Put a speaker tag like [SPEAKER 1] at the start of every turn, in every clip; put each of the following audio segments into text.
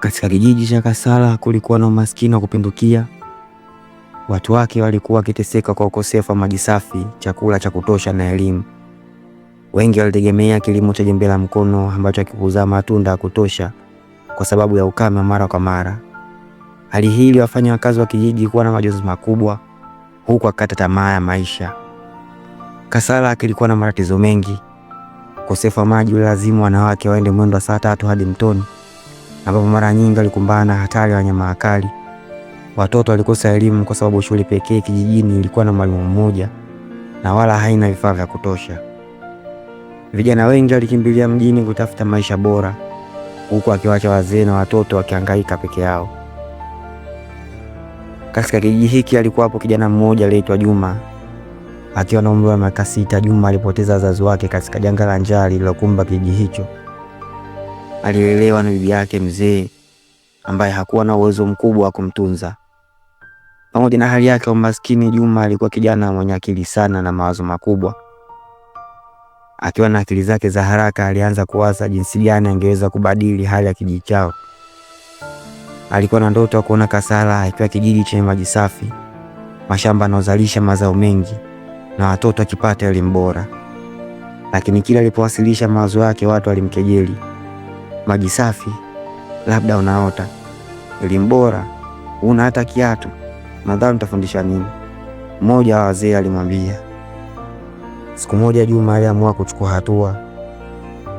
[SPEAKER 1] Katika kijiji cha Kasala kulikuwa na umaskini wa kupindukia. Watu wake walikuwa wakiteseka kwa ukosefu wa maji safi, chakula cha kutosha na elimu. Wengi walitegemea kilimo cha jembe la mkono ambacho hakikuzaa matunda ya kutosha kwa sababu ya ukame mara kwa mara. Hali hii iliwafanya wakazi wa kijiji kuwa na majonzi makubwa, huku akata tamaa ya maisha. Kasala kilikuwa na matatizo mengi. Ukosefu wa maji ulilazimu wanawake waende mwendo wa saa tatu hadi mtoni ambapo mara nyingi walikumbana na hatari ya wanyama wakali. Watoto walikosa elimu kwa sababu shule pekee kijijini ilikuwa na mwalimu mmoja na wala haina vifaa vya kutosha. Vijana wengi walikimbilia mjini kutafuta maisha bora, huku akiwacha wazee na watoto wakihangaika peke yao. Katika kijiji hiki alikuwapo kijana mmoja aliyeitwa Juma. Akiwa na umri wa miaka sita, Juma alipoteza wazazi wake katika janga la njaa lililokumba kijiji hicho alilelewa na bibi yake mzee ambaye hakuwa na uwezo mkubwa wa kumtunza. Pamoja na hali yake ya umaskini, Juma alikuwa kijana mwenye akili sana na mawazo makubwa. Akiwa na akili zake za haraka, alianza kuwaza jinsi gani angeweza kubadili hali ya kijiji chao. Alikuwa na ndoto ya kuona Kasala ikiwa kijiji chenye maji safi, mashamba yanayozalisha mazao mengi na watoto akipata elimu bora, lakini kila alipowasilisha mawazo yake watu walimkejeli maji safi, labda unaota, elimu bora, una hata kiatu, nadhani utafundisha nini? Mmoja wa wazee alimwambia. Siku moja Juma aliamua kuchukua hatua.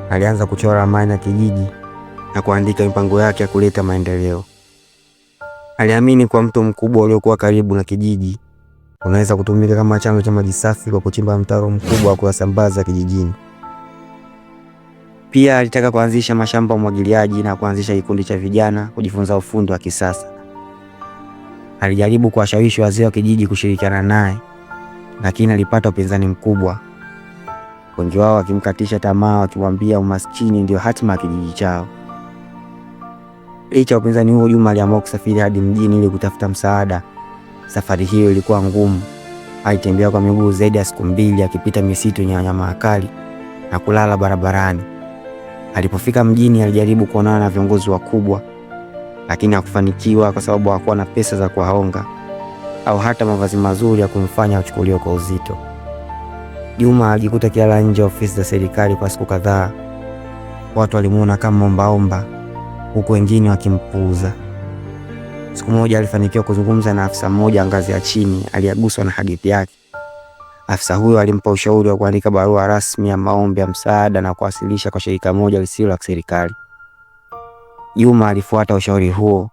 [SPEAKER 1] Alianza kuchora ramani ya kijiji na kuandika mipango yake ya kuleta maendeleo. Aliamini kwa mto mkubwa uliokuwa karibu na kijiji unaweza kutumika kama chanzo cha maji safi kwa kuchimba mtaro mkubwa wa kuyasambaza kijijini. Pia alitaka kuanzisha mashamba ya umwagiliaji na kuanzisha kikundi cha vijana kujifunza ufundi wa kisasa. Alijaribu kuwashawishi wazee wa kijiji kushirikiana naye, lakini alipata upinzani mkubwa, wengi wao wakimkatisha tamaa, wakimwambia umaskini ndio hatima ya kijiji chao. Licha ya upinzani huo, Juma aliamua kusafiri hadi mjini ili kutafuta msaada. Safari hiyo ilikuwa ngumu. Alitembea kwa miguu zaidi ya siku mbili, akipita misitu yenye wanyama wakali na kulala barabarani. Alipofika mjini, alijaribu kuonana na viongozi wakubwa, lakini hakufanikiwa kwa sababu hakuwa na pesa za kuwaonga au hata mavazi mazuri ya kumfanya achukuliwe kwa uzito. Juma alijikuta akilala nje ya ofisi za serikali kwa siku kadhaa. Watu walimuona kama ombaomba, huku wengine wakimpuuza. Siku moja alifanikiwa kuzungumza na afisa mmoja ngazi ya chini aliyeguswa na hadithi yake. Afisa huyo alimpa ushauri wa kuandika barua rasmi ya maombi ya msaada na kuwasilisha kwa shirika moja lisilo la kiserikali. Juma alifuata ushauri huo,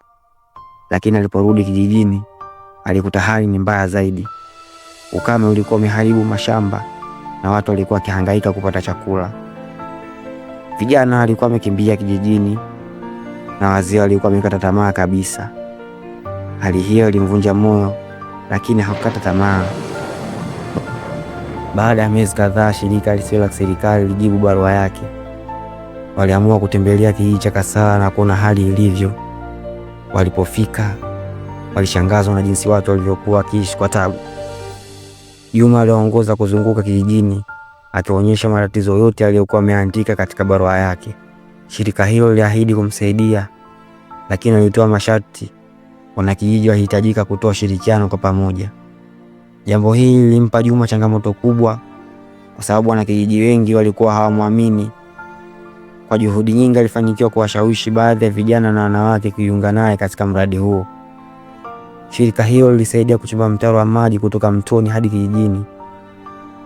[SPEAKER 1] lakini aliporudi kijijini alikuta hali ni mbaya zaidi. Ukame ulikuwa umeharibu mashamba na watu walikuwa wakihangaika kupata chakula. Vijana walikuwa wamekimbia kijijini na wazee walikuwa wamekata tamaa kabisa. Hali hiyo ilimvunja moyo, lakini hakukata tamaa. Baada ya miezi kadhaa, shirika lisilo la serikali lijibu barua yake. Waliamua kutembelea kijiji cha Kasawa na kuona hali ilivyo. Walipofika walishangazwa na jinsi watu walivyokuwa wakiishi kwa tabu. Juma aliongoza kuzunguka kijijini akionyesha matatizo yote aliyokuwa ameandika katika barua yake. Shirika hilo liliahidi kumsaidia, lakini walitoa masharti. Wanakijiji wahitajika kutoa ushirikiano kwa pamoja. Jambo hili lilimpa Juma changamoto kubwa, kwa sababu wanakijiji wengi walikuwa hawamwamini. Kwa juhudi nyingi, alifanikiwa kuwashawishi baadhi ya vijana na wanawake kujiunga naye katika mradi huo. Shirika hilo lilisaidia kuchimba mtaro wa maji kutoka mtoni hadi kijijini.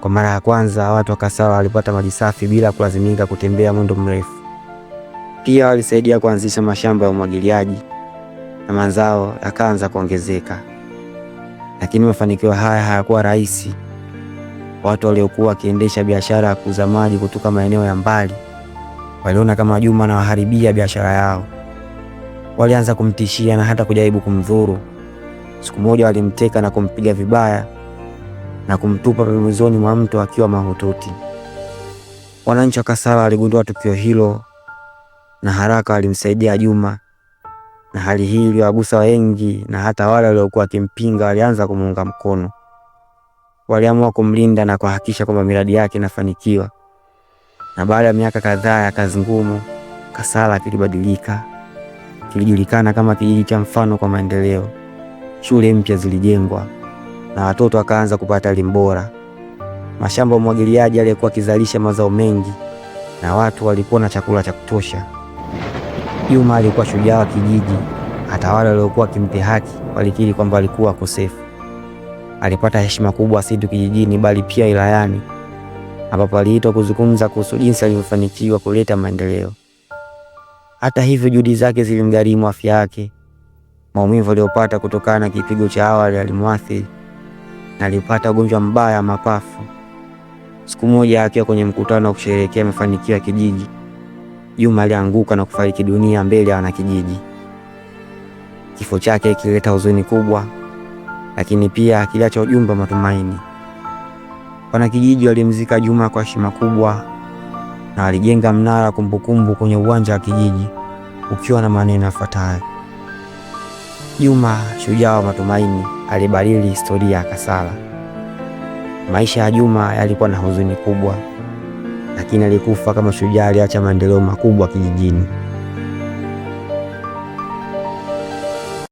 [SPEAKER 1] Kwa mara ya kwanza, watu wa Kasawa walipata maji safi bila kulazimika kutembea mwendo mrefu. Pia walisaidia kuanzisha mashamba ya umwagiliaji na mazao yakaanza kuongezeka lakini mafanikio haya hayakuwa rahisi. Watu waliokuwa wakiendesha biashara ya kuuza maji kutoka maeneo ya mbali waliona kama Juma anawaharibia biashara yao. Walianza kumtishia na hata kujaribu kumdhuru. Siku moja walimteka na kumpiga vibaya na kumtupa pembezoni mwa mto akiwa mahututi. Wananchi wa Kasala waligundua tukio hilo na haraka walimsaidia Juma na hali hii iliwagusa wengi, na hata wale waliokuwa wakimpinga walianza kumuunga mkono. Waliamua kumlinda na kuhakikisha kwamba miradi yake inafanikiwa. Na baada ya miaka kadhaa ya kazi ngumu, Kasala kilibadilika, kilijulikana kama kijiji cha mfano kwa maendeleo. Shule mpya zilijengwa na watoto wakaanza kupata elimu bora, mashamba ya umwagiliaji yaliyokuwa akizalisha mazao mengi, na watu walikuwa na chakula cha kutosha. Juma alikuwa shujaa wa kijiji, hata wale waliokuwa wakimpa haki walikiri kwamba alikuwa kosefu. Alipata heshima kubwa si tu kijijini, bali pia wilayani, ambapo aliitwa kuzungumza kuhusu jinsi alivyofanikiwa kuleta maendeleo. Hata hivyo, juhudi zake zilimgharimu afya yake. Maumivu aliyopata kutokana na kipigo cha awali alimwathiri na alipata ugonjwa mbaya wa mapafu. Siku moja akiwa kwenye mkutano wa kusherehekea mafanikio ya kijiji Juma alianguka na kufariki dunia mbele ya wanakijiji. Kifo chake kilileta huzuni kubwa, lakini pia kiliacha ujumbe wa matumaini. Wanakijiji walimzika Juma kwa heshima kubwa na walijenga mnara kumbukumbu kwenye uwanja wa kijiji ukiwa na maneno yafuatayo: Juma, shujaa wa matumaini, alibadili historia ya Kasala. Maisha ya Juma yalikuwa na huzuni kubwa lakini alikufa kama shujaa aliacha maendeleo makubwa kijijini.